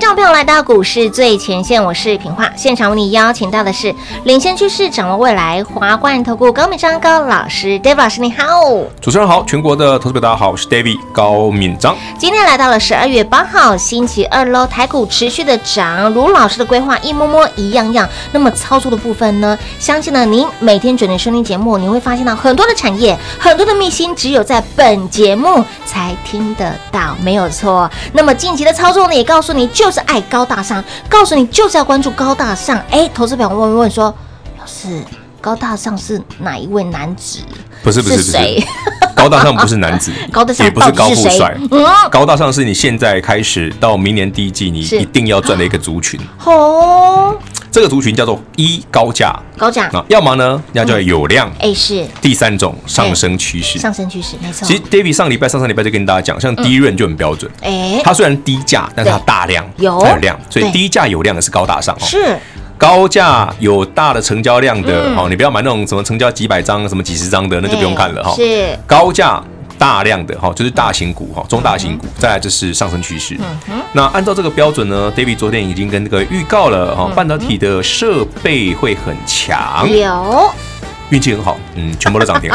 聽眾朋友，來到股市最前線，我是平化。現場為你邀請到的是領先趨勢、掌握未來、華冠投顧高明章高老師，David 老師，你好！主持人好，全國的投資表大家好，我是 David 高明章。今天來到了十二月八號星期二嘍，台股持續的漲，如老師的規劃，一摸摸一樣樣。那麼操作的部分呢，相信呢，您每天準時收聽節目，你會發現到很多的產業，很多的秘辛，只有在本節目才聽得到，沒有錯、哦。那麼近期的操作呢，也告訴你就。就是愛高大上，告訴你就是要關注高大上。哎，投資表問問說，老師，高大上是哪一位男子？不是不是不是，不是是誰？高大上不是男子， 也不是高富帥。嗯、高大上是你現在開始到明年第一季，你一定要賺的一個族群。這個族群叫做一高價，高價啊，要麼呢，要叫有量，哎，是第三種上升趨勢，上升趨勢沒錯。其實 David 上禮拜、上上禮拜就跟大家講，像低潤就很標準，哎，它雖然低價，但是它大量有，它有量，所以低價有量的是高大上，是高價有大的成交量的，哦，你不要買那種什麼成交幾百張、什麼幾十張的，那就不用看了哈。是高價。大量的哈，就是大型股哈，中大型股，再來就是上升趨勢。嗯、哼那按照這個標準呢，David 昨天已經跟那個預告了哈，半導體的設備會很強，有運氣很好，嗯，全部都漲停。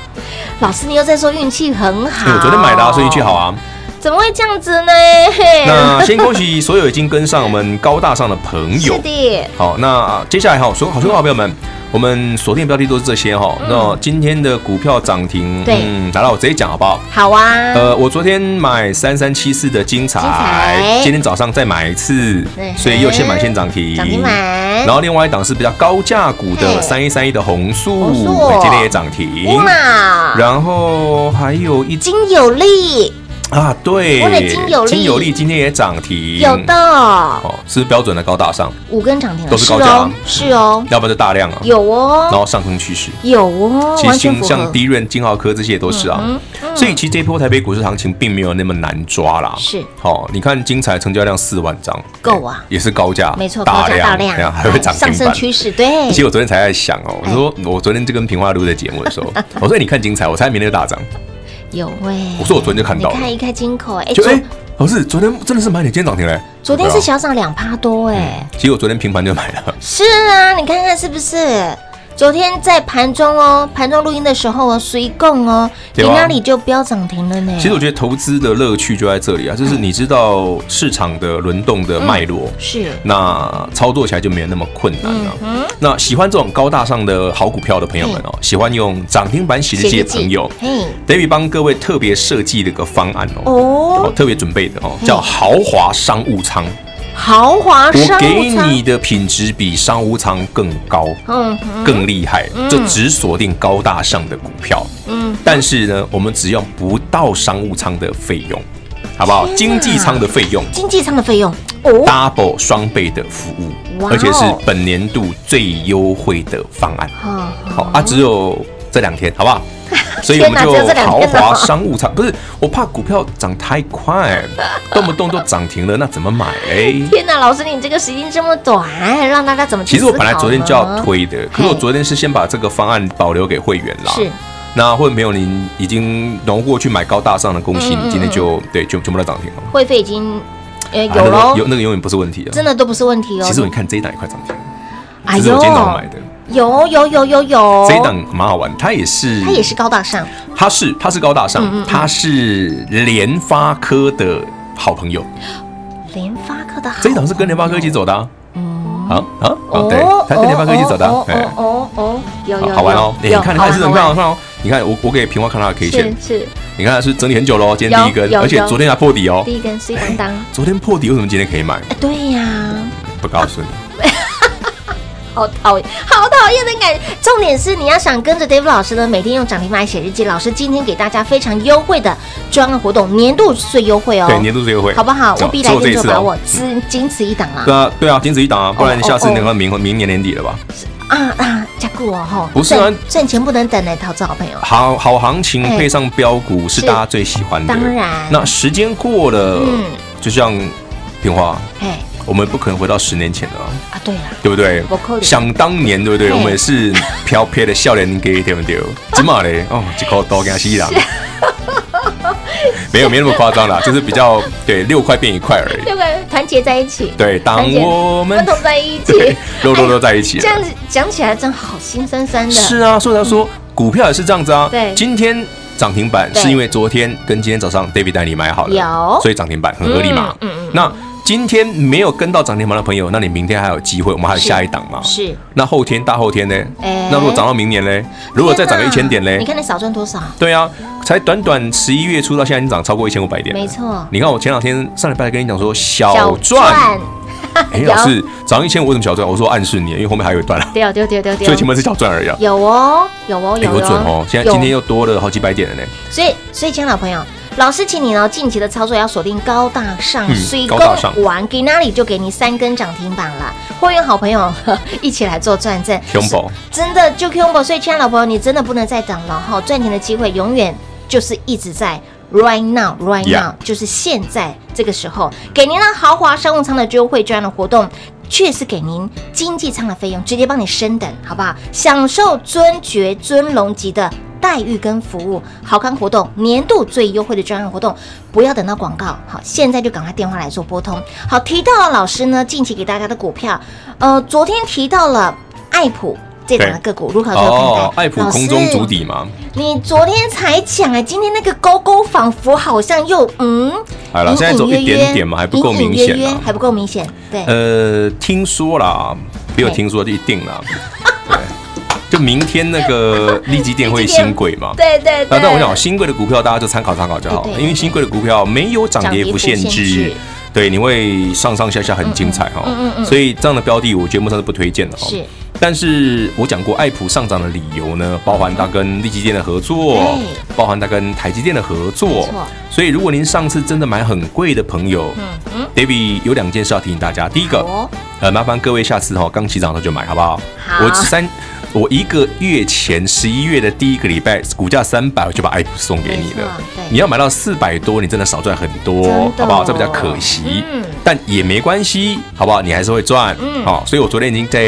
老師，你又在說運氣很好。我、哎、昨天買的、啊，所以運氣好啊。怎麼會這樣子呢？ 那先恭喜所有已經跟上我們高大上的朋友。是的。好，那接下來哈，所有好聽的好朋友們。我們鎖定標的都是這些哈，嗯、那今天的股票漲停，對 嗯，來了，我直接講好不好？好啊。呃，我昨天買三三七四的精材，今天早上再買一次，精材 所以又現買現漲停。嗯、嘿然後另外一檔是比較高價股的三一三一的弘塑，弘塑 欸、今天也漲停。然後還有一金有利。啊，對，金有利，金有利今天也漲停，有的哦，是標準的高大上，五根漲停，都是高價，是哦，要不然就大量啊，有哦，然後上升趨勢，有哦，其實像第一潤、金奧科這些也都是啊，所以其實這波台北股市行情並沒有那麼難抓啦，是，好，你看精材成交量四萬張，夠啊，也是高價，沒錯，大量，大量，還會上升趨勢，對，其實我昨天才在想哦，我說我昨天就跟平花錄的節目的時候，我說你看精材，我猜明天就大漲。有喂、欸，我說我昨天就看到，你看一開金口、欸，哎就，不是、欸，昨天真的是買點，今天漲停嘞、欸，昨天是小漲兩趴多哎、欸嗯，其實我昨天平盤就買了，是啊，你看看是不是？昨天在盤中哦，盤中錄音的時候哦，隨供哦，吧你那裡就不要漲停了呢。其實我覺得投資的樂趣就在這裡啊，就是你知道市場的輪動的脈絡，嗯、是那操作起來就沒有那麼困難了、啊。嗯、哼那喜歡這種高大上的好股票的朋友們哦，嗯、哼喜歡用漲停板洗這些朋友，David 幫、嗯、各位特別設計了一個方案哦，哦特別準備的哦，叫豪華商務艙。豪華商務艙我給你的品質比商務艙更高，嗯，更厲害，就只鎖定高大上的股票，嗯，但是呢，我們只用不到商務艙的費用，好不好？經濟艙的費用，經濟艙的費用，哦，double 雙倍的服務，而且是本年度最優惠的方案，好啊，只有。這兩天好不好？所以我們就豪華商務艙，不是，我怕股票漲太快，動不動都漲停了，那怎麼買？天哪，老師你這個時間這麼短，讓大家怎麼去？其實我本來昨天就要推的，可是我昨天是先把這個方案保留給會員啦。是，那會沒有您已經挪過去買高大上的，恭喜你今天就對全全部都漲停了。會費已經有嘍，有那個永遠不是問題了，真的都不是問題哦。其實你看這一檔也快漲停了，是我今天怎麼買的。有有有有有，這一檔蠻好玩，它也是，它也是高大上，它是它是高大上，它是聯發科的好朋友，聯發科的好，這一檔是跟聯發科一起走的，啊啊啊，對，它跟聯發科一起走的，哦哦，有好玩哦，你看它是怎麼看看你看我我給平花看它可以選是，你看是整理很久嘍，今天第一根，而且昨天還破底哦，第一根是一檔，昨天破底為什麼今天可以買？對呀，不告訴你。好討厭，好討厭的感覺。重點是你要想跟着 David 老師呢，每天用漲停板寫日記。老師今天給大家非常優惠的專案活動，年度最優惠哦。對，年度最優惠，好不好？務必來一次，啊，就把我只僅此一檔啊！對啊，對啊，僅此一檔啊！不然下次你要明明年年底了吧？啊啊，加固哦吼！不是賺，啊，錢不能等來投資好朋友。好好行情配上飆股 hey, 是大家最喜歡的。當然。那時間過了，嗯，就像平話，hey. 我們不可能回到十年前了啊！對呀，對不對？想當年，對不對？我們也是飄撇的笑臉給對不對？真嘛嘞！哦，這高多給他吸了，沒有，沒那麼誇張啦，就是比較對六塊變一塊而已。六塊團結在一起，對，當我們都在一起，六六六在一起。這樣講起來真好，心酸酸的。是啊，所以他說股票也是這樣子啊。對，今天漲停板是因為昨天跟今天早上 David Daniel 買好了，所以漲停板很合理嘛。嗯嗯，那。今天沒有跟到漲停板的朋友，那你明天還有機會，我們還有下一檔嘛？是。那後天、大後天呢？那如果漲到明年呢？如果再漲個一千點呢？你看你少賺多少？對啊，才短短十一月初到現在已經漲超過一千五百點。沒錯。你看我前兩天上禮拜跟你講說小賺，哎，老師，漲一千五怎麼小賺？我說暗示你，因為後面還有一段了。對哦，對哦，對哦。所以前面是小賺而已。有哦，有哦，有。不準哦，現在今天又多了好幾百點了呢。所以，所以，親老朋友。老師，請你呢，近期的操作要鎖定高大上，所以、嗯、高大上玩 Ginelli 就給你三根漲停板了。會員好朋友呵呵一起來做轉正保真的就 Qubo。所以，親愛的老朋友，你真的不能再等了哈！賺錢的機會永遠就是一直在 right now，right now, right now Yeah. 就是現在這個時候，給您那豪華商務艙的優惠這樣的活動，確實給您經濟艙的費用直接幫你升等，好不好？享受尊爵尊龍級的待遇跟服務，好康活動，年度最優惠的專案活動，不要等到廣告，好，現在就趕快電話來做撥通。好，提到了老師呢，近期給大家的股票，呃，昨天提到了愛普這檔的個股，對如何做看待？哦、艾普老師，空中足底嘛？你昨天才講、啊，啊今天那個勾勾仿佛好像又嗯，好了，現在走一點點嘛，還不夠明顯、啊，還不夠明顯，對，呃，聽說啦，沒有聽說就一定了。對對 就明天那個利基電會新貴嘛？對對對。但我想新貴的股票大家就參考參考就好，對對對，因為新貴的股票沒有漲跌幅限制，限制對，你會上上下下很精彩哈。嗯嗯嗯嗯嗯。所以這樣的標的，我節目上是不推薦的哈。但是我講過，愛普上漲的理由呢，包含它跟立積電的合作，包含它跟台積電的合作。所以，如果您上次真的買很貴的朋友，嗯嗯，David 有兩件事要提醒大家。第一個，呃，麻煩各位下次哈剛起漲的時候就買，好不好？好。我三，我一個月前十一月的第一個禮拜股價三百，我就把愛普送給你了。你要買到四百多，你真的少賺很多，好不好？這比較可惜。嗯。但也沒關係，好不好？你還是會賺，好、嗯哦。所以我昨天已經在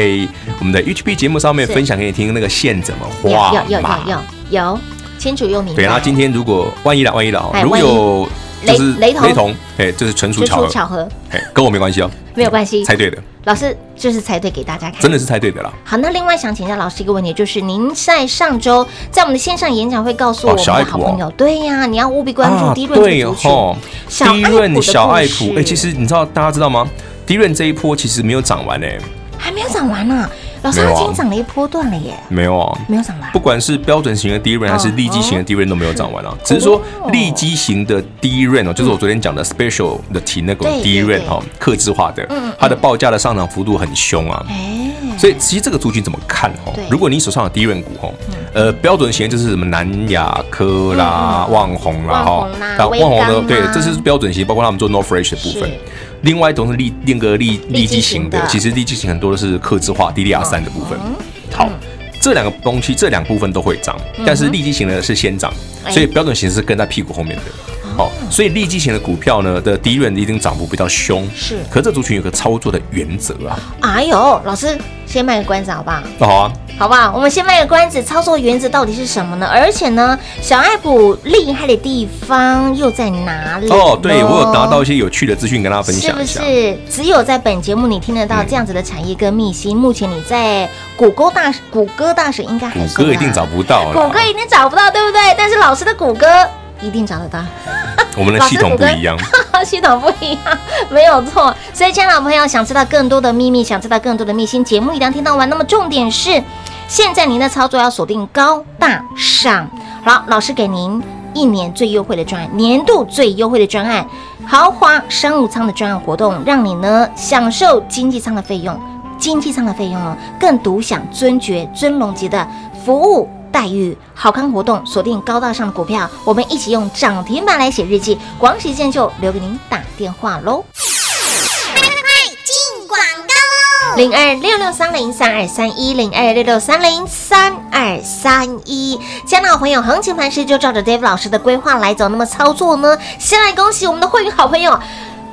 我們的 H P 節目上面分享給你聽，那個線怎麼畫嘛。要要要要，清楚又明白。對啊，然後今天如果萬一了，萬一了，如果有雷雷同雷，雷同，哎，這、就是純屬巧合，巧合同，哎，跟我沒關係哦。沒有關係，猜對的老師就是猜對，給大家看，真的是猜對的啦。好，那另外想請教老師一個問題，就是您在上周在我們的線上演講會告訴我們的好朋友，哦啊、對呀、啊，你要務必關注迪潤、啊、的股市，對哦、小愛普的小愛普誒。其實你知道大家知道嗎？迪潤這一波其實沒有漲完呢，還沒有漲完呢、啊。哦老師啊，已經漲了一波段了耶。沒有啊，沒有漲、啊、完。不管是標準型的 d r v i e n 還是利基型的 d r v i e n 都沒有漲完啊。只是說利基型的 d r v i e n 哦，就是我昨天講的 special 的題那個 d r v i e n d 哈，克制化的，嗯，它的報價的上漲幅度很凶啊。所以其實這個族群怎麼看，如果你手上有 d r v i e n 股吼，呃，標準型就是什麼南亞科啦、旺紅啦哈，旺宏的對，這是標準型，包括他們做 North Face 部分。另外一種是利，另一個利利基型的、型的，其實利基型很多都是客制化、DDR3 的部分。嗯嗯、好，這兩個東西，這兩部分都會漲，嗯、哼但是利基型的是先漲，嗯、哼所以標準型是跟在屁股後面的。欸哦、所以利基型的股票呢的第一輪一定漲幅比較兇，是。可是這族群有個操作的原則啊。哎呦，老師先賣個關子好不好？那、哦、好啊，好不好？我們先賣個關子，操作原則到底是什麼呢？而且呢，小愛股厲害的地方又在哪裡？哦，對我有拿到一些有趣的資訊跟大家分享一下。是不是只有在本節目你聽得到這樣子的產業跟秘辛。嗯、目前你在谷歌大谷歌大神應該、啊、谷歌一定找不到，谷歌一定找不到，對不對？但是老師的谷歌一定找得到。 我們的系統不一樣，系統不一樣，沒有錯。所以，親愛的朋友想知道更多的秘密，想知道更多的秘辛，節目一定要聽到完，那麼重點是，現在您的操作要鎖定高大上。好，老師給您一年最優惠的專案，年度最優惠的專案，豪華商務艙的專案活動，讓你呢享受經濟艙的費用，經濟艙的費用哦，更獨享尊爵尊龍級的服務。待遇好康活動，鎖定高大上的股票，我們一起用漲停板來寫日記，廣告時間就留給您打電話嘍！快快快進廣告嘍！零二六六三零三二三一零二六六三零三二三一，家好朋友，行情盤勢，就照着 Dave 老師的規劃來走，那麼操作呢？先來恭喜我們的會員好朋友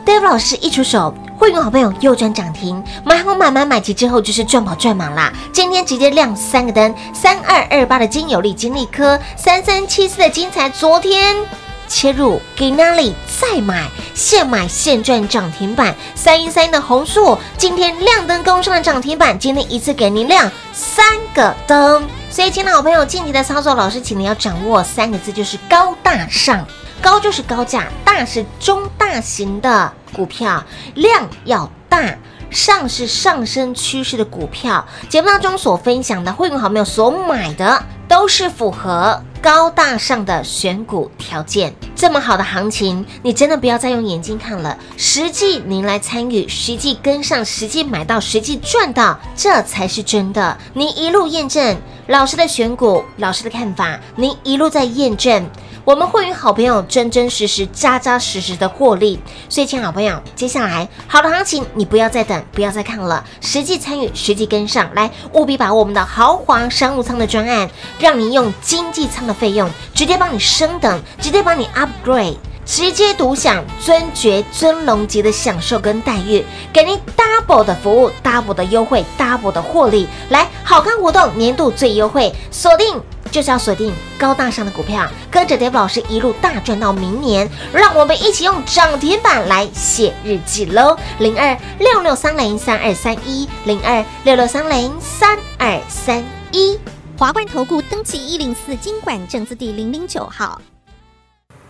，Dave 老師一出手。會員好朋友又賺漲停，買好買買買齊之後就是賺飽賺滿啦。今天直接亮三個燈：三二二八的金有利金利科，三三七四的精材。昨天切入，給哪裡再買，現買現賺漲停板。三一三一的弘塑，今天亮燈攻上了漲停板。今天一次給您亮三個燈。所以，親愛的好朋友，近期的操作，老師請你要掌握三個字，就是高大上。高就是高價，大是中大型的股票，量要大，上是上升趨勢的股票。節目當中所分享的會員好朋友所買的都是符合高大上的選股條件。這麼好的行情，你真的不要再用眼睛看了，實際您來參與，實際跟上，實際買到，實際賺到，這才是真的。您一路驗證老師的選股，老師的看法，您一路在驗證。我們會與好朋友真真實實、扎扎實實的獲利，所以，請好朋友，接下來好的行情，你不要再等，不要再看了，實際參與，實際跟上來，務必把我們的豪華商務艙的專案，讓您用經濟艙的費用，直接幫你升等，直接幫你 upgrade。直接獨享尊爵尊榮級的享受跟待遇，給您 double 的服務，double 的優惠，double 的獲利。來，好康活動，年度最優惠，鎖定就是要鎖定高大上的股票，跟着 David 老師一路大賺到明年。讓我們一起用漲停板來寫日記嘍！零二六六三零三二三一零二六六三零三二三一，華冠投顧登記一零四金管證字第零零九號。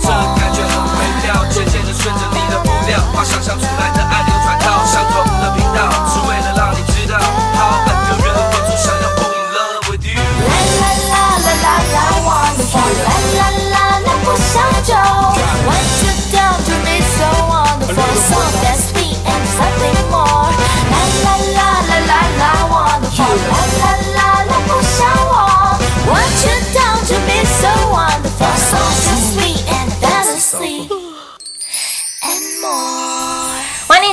這感覺很微妙，漸漸地順着你的步調，把想象出來的愛流傳到相同的頻道，是為了讓你知道。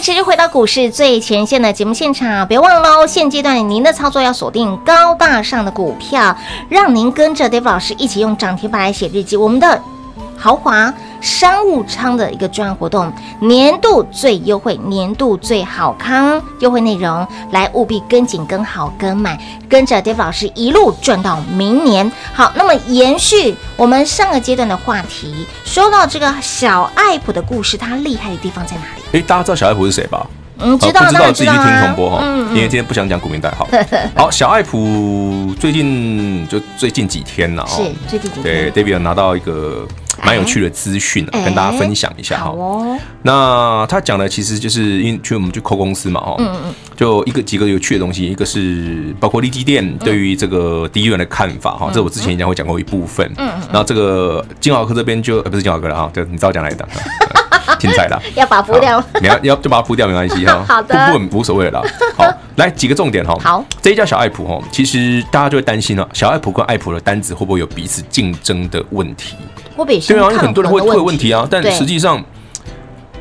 其實回到股市最前線的節目現場，別忘嘍！現階段您的操作要鎖定高大上的股票，讓您跟着 David 老師一起用漲停板來寫日記。我們的豪華。商務艙的一個專案活動，年度最優惠，年度最好康優惠內容，來務必跟緊、跟好、跟滿，跟着 David 老師一路賺到明年。好，那麼延續我們上個階段的話題，說到這個小愛普的故事，它厲害的地方在哪裡？哎、欸，大家知道小愛普是誰吧？嗯，知道、啊、不知道，知道、啊、自己去聽重播哈。因為、嗯嗯、今天不想講股民代號。好， 好小愛普最近就最近幾天了哈。是最近幾天。對、嗯、David 有拿到一個。蠻有趣的資訊、啊，跟大家分享一下哈。欸哦、那他講的其實就是因為去我們去摳公司嘛哈。嗯、就一個幾個有趣的東西，一個是包括立基店、嗯、對於這個第一輪的看法哈，嗯、這我之前應該會講過一部分。嗯嗯然後這個金豪克這邊就呃、欸、不是金豪克了哈，就你知道講哪一檔。 停載了， 要把它鋪掉好。你 要要就把它鋪掉，沒關係哈。 好的 不鋪無所謂了啦。好，來幾個重點哈。好，這一家小愛普哈，其實大家就會擔心了、啊，小愛普跟愛普的單子會不會有彼此競爭的問題？我比較對啊，有很多人會問問題啊，但實際上，對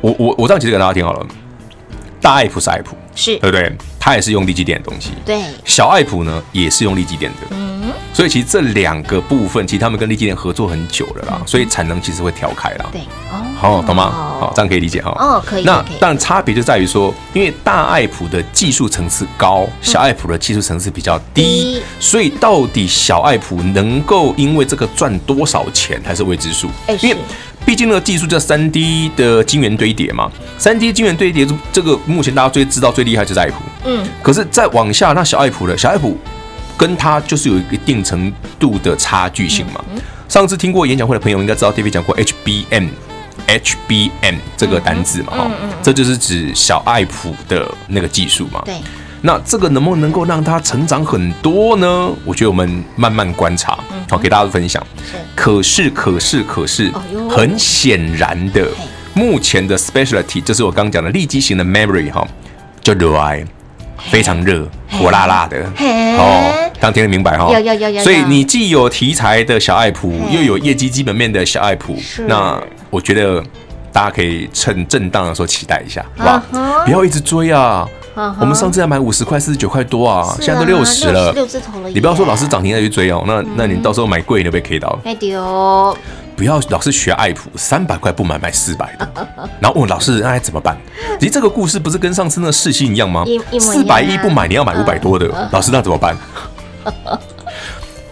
我我我這樣其實給大家聽好了，大愛普是愛普，是對不對？它也是用利基點的東西。對，小愛普呢也是用利基點的。嗯。所以其實這兩個部分，其實他們跟力積電合作很久了啦，所以產能其實會調開了。對，好，懂嗎？好，這樣可以理解哈。哦，可以。那但差別就在於說，因為大愛普的技術層次高，小愛普的技術層次比較低，所以到底小愛普能夠因為這個賺多少錢還是未知數。因為畢竟那個技術叫三 D 的晶圓堆疊嘛，三 D 晶圓堆疊這個目前大家最知道最厲害就是大愛普。嗯，可是再往下那小愛普的小愛普。跟它就是有一定程度的差距性嘛。上次聽過演講會的朋友應該知道，David 講過 HBM、HBM 這個單字嘛，哈，這就是指小愛普的那個技術嘛。那這個能不能夠讓它成長很多呢？我覺得我們慢慢觀察，好，給大家分享。可是，可是，可是，很顯然的，目前的 specialty，這是我剛講的立即型的 memory 哈、哦，叫 Do I？非常熱，火辣辣的哦，當天的明白哈，有有有，所以你既有題材的小愛普，又有業績基本面的小愛普，那我覺得大家可以趁震盪的時候期待一下，好不好？不要一直追啊！我們上次才買五十塊，四十九塊多啊，現在都六十了，六字頭了，你不要說老師漲停再去追哦，那那你到時候買貴了被 K 到，哎丟。不要老是學愛普，三百塊不買，買四百的，然後問老師那怎麼辦？其實這個故事不是跟上次那世芯一樣嗎？四百一,一,一、啊、不買你要買五百多的，嗯嗯、老師那怎麼辦？嗯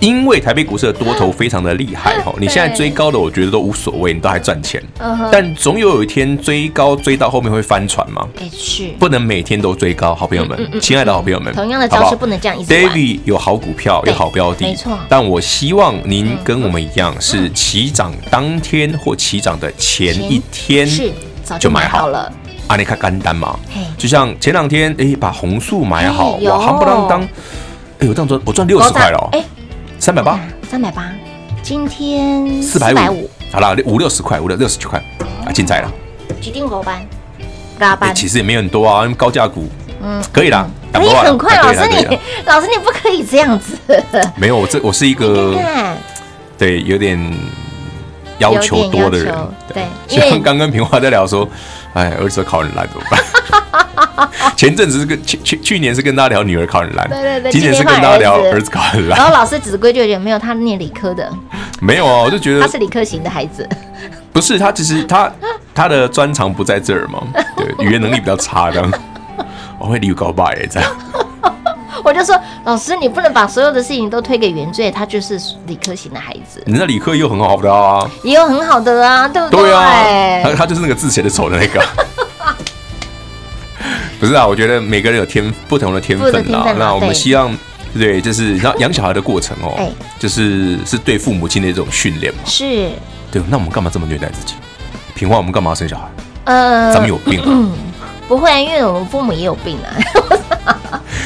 因為台北股市的多頭非常的厲害，你現在追高的我覺得都無所謂，你都還賺錢。但總有一天追高追到後面會翻船嗎？是。不能每天都追高，好朋友們，親愛的，好朋友們。同樣的招式不能這樣 David 有好股票，有好標的，但我希望您跟我們一樣，是起漲當天或起漲的前一天就買好了。阿尼卡簡單嘛？就像前兩天、欸、把弘塑買好，夯不啷噹，哎呦，這樣我賺六十塊了、喔，三百八，三百八，今天四百五，好啦，五六十塊，五六十九塊，啊，精彩了，去定股吧，八，其實也沒很多啊，因為高價股，嗯，可以啦，你很快，老師你，老師你不可以這樣子，沒有，我這我是一個，對，有點要求多的人，對，因為剛跟平華在聊說。哎，兒子考很爛怎麼辦？ 前陣子是跟去去年是跟他聊女兒考很爛，對對，對今年是跟他聊兒子考很爛。然後老師只規就有沒有他念理科的， 沒有啊，我就覺得他是理科型的孩子，不是他其實他他的專長不在這兒嗎？對，語言能力比較差的，我會留教不改這樣。 我就說，老師，你不能把所有的事情都推給原罪，他就是理科型的孩子。你知道理科也有很好的啊，也有很好的啊，對不對？對啊，他，他就是那個字寫的醜的那個。 不是啊，我覺得每個人有天不同的天分啦、啊。分啊、那我們希望，對，對就是，然後養小孩的過程哦， 哎、就是是對父母親的一種訓練嘛。是。對，那我們幹嘛這麼虐待自己？平花，我們幹嘛生小孩？呃，咱們有病啊。嗯、不會、啊，因為我們父母也有病啊。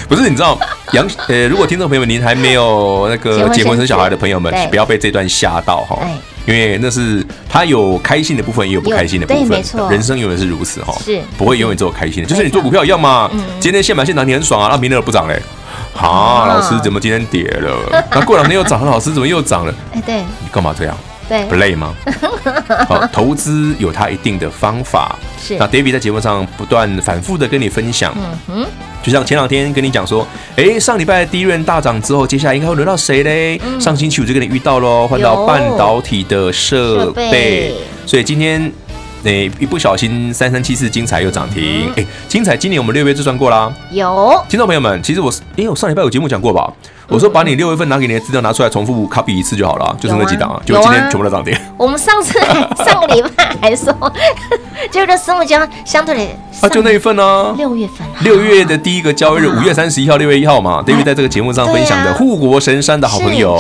不是，你知道楊呃、欸，如果聽眾朋友們您還沒有那個結婚生小孩的朋友們，不要被這段嚇到哈，對因為那是他有開心的部分，也有不開心的部分的。有，對，沒錯，人生永遠是如此哈，是不會永遠只有開心的。對就是你做股票一樣嘛，嗯、今天現買現漲，你很爽啊，那明天又不漲嘞，好、啊，啊、老師怎麼今天跌了？那 過兩天又漲，老師怎麼又漲了？哎、欸，對，你幹嘛這樣？不累對嗎？ 好，投資有它一定的方法。是，那 David 在節目上不斷反覆的跟你分享。嗯嗯哼，就像前兩天跟你講說，哎、欸，上禮拜第一輪大漲之後，接下來應該會輪到誰嘞？嗯、上星期五就跟你遇到嘍，換到半導體的設備。設備，所以今天你、欸、一不小心三三七四，精材又漲停。哎、嗯欸，精材！今年我們六月就算過啦。有聽眾朋友們，其實我，哎、欸，我上禮拜有節目講過吧？我說把你六月份拿給你的資料拿出來重複 copy 一次就好了，就是那幾檔啊，就今天全部都漲停。我們上次上個禮拜還說，就是什麼叫相對的啊？就那一份呢？六月份，六月的第一個交易日，五月三十一號，六月一號嘛。David 在這個節目上分享的護國神山的好朋友，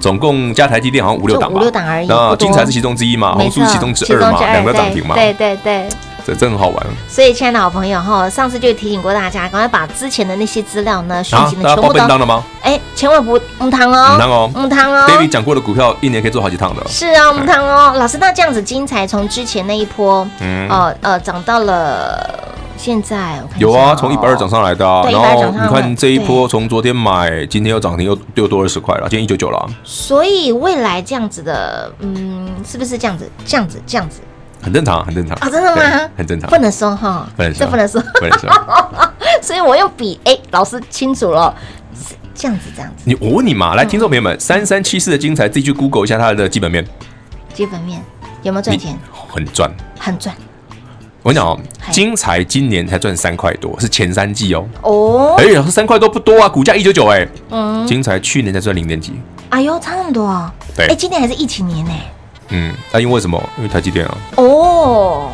總共加台積電好像五六檔嘛，五六檔而已。那精材是其中之一嘛，弘塑是其中之二嘛，兩個漲停嘛，對對對。這真很好玩，所以，親愛的好朋友哈，上次就提醒過大家，趕快把之前的那些資料呢，啊，那爆便當了嗎？哎，千萬不木糖哦，木湯哦，木湯哦。Baby 講過的股票，一年可以做好幾趟的。是啊，木湯哦。老師，那這樣子精材，從之前那一波，嗯，哦，呃，漲到了現在，有啊，從一百二漲上來的啊，一百二漲上來你看這一波，從昨天買，今天又漲停，又又多二十塊了，今天一九九了。所以未來這樣子的，嗯，是不是這樣子？這樣子？這樣子？很正常，很正常。真的嗎？很正常，不能說哈，不能說，所以我又比，哎，老師清楚了，這樣子，這樣子。你，我問你嘛，來，聽眾朋友們，三三七四的精材，自己去 Google 一下它的基本面。基本面有沒有賺錢？很賺，很賺。我跟你講哦，精材今年才賺三塊多，是前三季哦。哦。哎呀，三塊多不多啊，股價一九九哎。嗯。精材去年才賺零點幾。哎呦，差那麼多啊。對。哎，今年還是疫情年呢。嗯，那、啊、因為，為什麼？因為台積電啊。哦，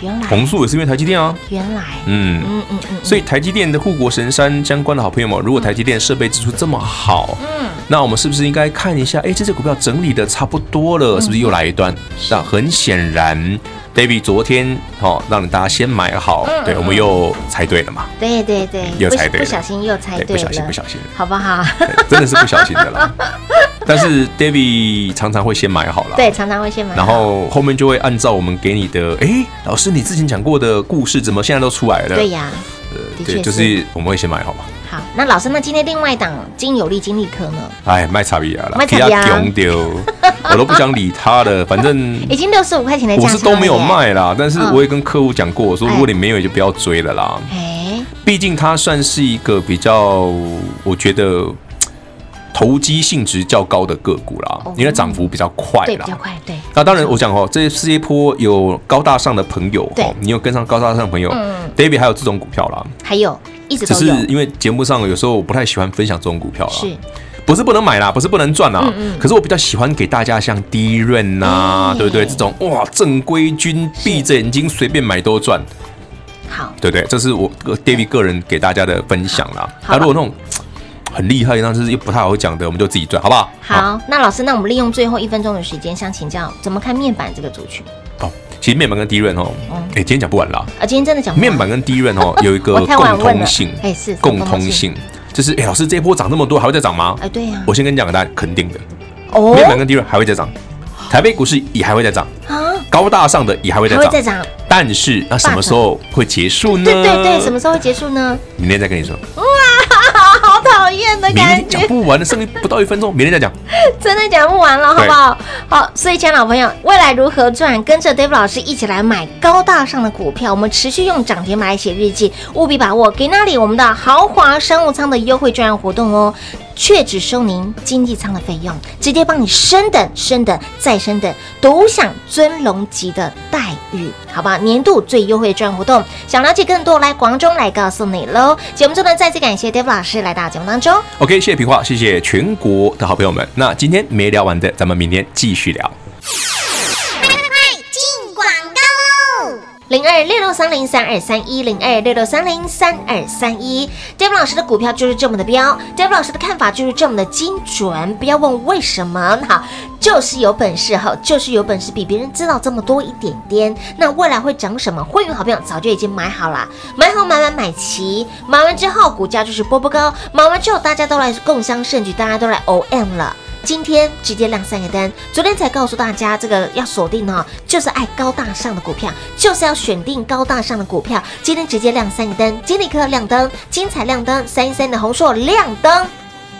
原來。弘塑也是因為台積電啊。原來。嗯嗯嗯嗯。嗯嗯嗯，所以台積電的護國神山相關的好朋友們，如果台積電設備支出這麼好，嗯，那我們是不是應該看一下？哎、欸，這隻股票整理的差不多了，嗯、是不是又來一段？是那很顯然。David 昨天哦，讓你大家先買好，嗯、對我們又猜對了嘛？對對對，又猜對了不，不小心又猜對了，不小心不小心，不小心好不好？真的是不小心的啦。 但是 David 常常會先買好了，對，常常會先買，然後後面就會按照我們給你的。哎、欸，老師，你之前講過的故事，怎麼現在都出來了？對呀，呃，對，就是我們會先買好嘛？那老師，那今天另外一檔金有利金利科呢？哎，賣差比亞了啦，賣他窮丟， 我都不想理他了。反正已經六十五塊錢的，我是都沒有賣啦。但是我也跟客戶講過，我、嗯、說如果你沒有也就不要追了啦。哎唉，畢竟它算是一個比較，我覺得投機性質較高的個股啦，哦、因為漲幅比較快了。對，那當然我講哦，這世界坡有高大上的朋友對你有跟上高大上的朋友？嗯，David 還有這種股票啦，還有。只是因為節目上有時候我不太喜歡分享這種股票了、啊，嗯、是，不是不能買啦，不是不能賺啦。可是我比較喜歡給大家像第一潤啊，嗯、對不對,對？這種哇，正規軍閉着眼睛隨便買都賺，好，對不對？這是我 David 個人給大家的分享啦。對 好,好，如果那種很厲害，但是又不太好講的，我們就自己賺，好不好？好，那老師，那我們利用最後一分鐘的時間，想請教怎麼看面板這個族群。面板跟 DRAM 哦，哎，欸、今天講不完啦。啊，今天真的講不完。面板跟 DRAM 哦，有一個共通性，哎，欸、是通共通性，就是哎，欸、老師這一波漲那麼多，還會再漲嗎？哎、欸啊，對呀，我先跟你講給大家，肯定的。哦，面板跟 DRAM 還會再漲，台北股市也還會再漲啊，高大上的也還會再漲，再漲。但是，那什麼時候會結束呢？對，對對對，什麼時候會結束呢？明天再跟你說。哇討厭的感覺，講不完的， 剩餘不到一分鐘，明天再講。 真的講不完了，好不好？對好，所以，親愛的老朋友，未來如何賺？跟着 David 老師一起來買高大上的股票，我們持續用漲停板來寫日記，務必把握。給那裡我們的豪華商務艙的優惠券活動哦。卻只收您經濟艙的費用，直接幫你升等、升等、再升等，獨享尊榮級的待遇，好不好？年度最優惠專活動，想了解更多來廣州來告訴你嘍。節目中呢，再次感謝 David 老師來到節目當中。OK，謝謝平華，謝謝全國的好朋友們。那今天沒聊完的，咱們明天繼續聊。零二六六三零三二三一零二六六三零三二三一，David 老師的股票就是這麼的標，David 老師的看法就是這麼的精準。不要問為什麼，好，就是有本事，好，就是有本事，比別人知道這麼多一點點。那未來會漲什麼？會員好朋友早就已經買好了，買好買買買齊，買完之後股價就是波波高，買完之後大家都來共襄盛舉，大家都來 OM 了。今天直接亮三個燈，昨天才告訴大家這個要鎖定哈、哦，就是愛高大上的股票，就是要選定高大上的股票。今天直接亮三個燈，金立科亮燈，精材亮燈，三一三的弘塑亮燈，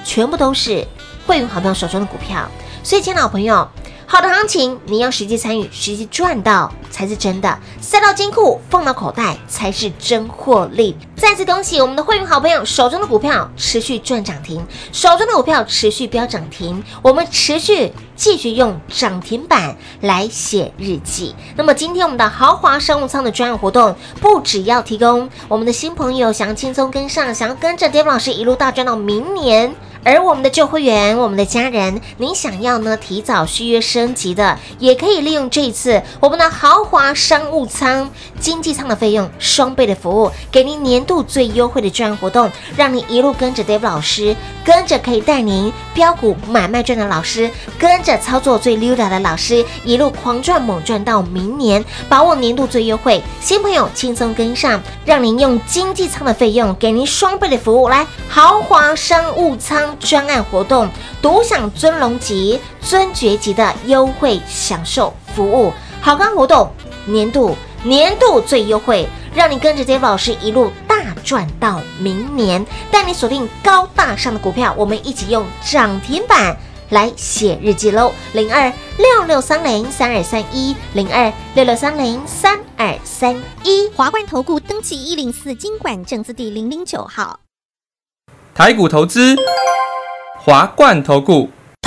全部都是會員好朋友手中的股票。所以，親愛的朋友。好的行情，你要實際參與，實際賺到才是真的；塞到金庫，放到口袋才是真獲利。再次恭喜我們的會員好朋友，手中的股票持續賺漲停，手中的股票持續飆漲停，我們持續。繼續用漲停板來寫日記。那麼今天我們的豪華商務艙的專案活動，不只要提供我們的新朋友想輕鬆跟上，想要跟着 David 老師一路大賺到明年；而我們的舊會員、我們的家人，您想要呢提早續約升級的，也可以利用這一次我們的豪華商務艙、經濟艙的費用雙倍的服務，給您年度最優惠的專案活動，讓您一路跟着 David 老師，跟着可以帶您標股買賣賺的老師跟。操作最溜達的老師，一路狂賺猛賺到明年，把握年度最優惠，新朋友輕鬆跟上，讓您用經濟艙的費用給您雙倍的服務，來豪華商務艙專案活動，獨享尊榮級、尊爵級的優惠享受服務，好康活動年度年度最優惠，讓您跟着杰老師一路大賺到明年，帶你鎖定高大上的股票，我們一起用漲停板。來寫日記嘍，零二六六三零三二三一，零二六六三零三二三一，華冠投顧登記一零四金管證字第零零九號，台股投資，華冠投顧。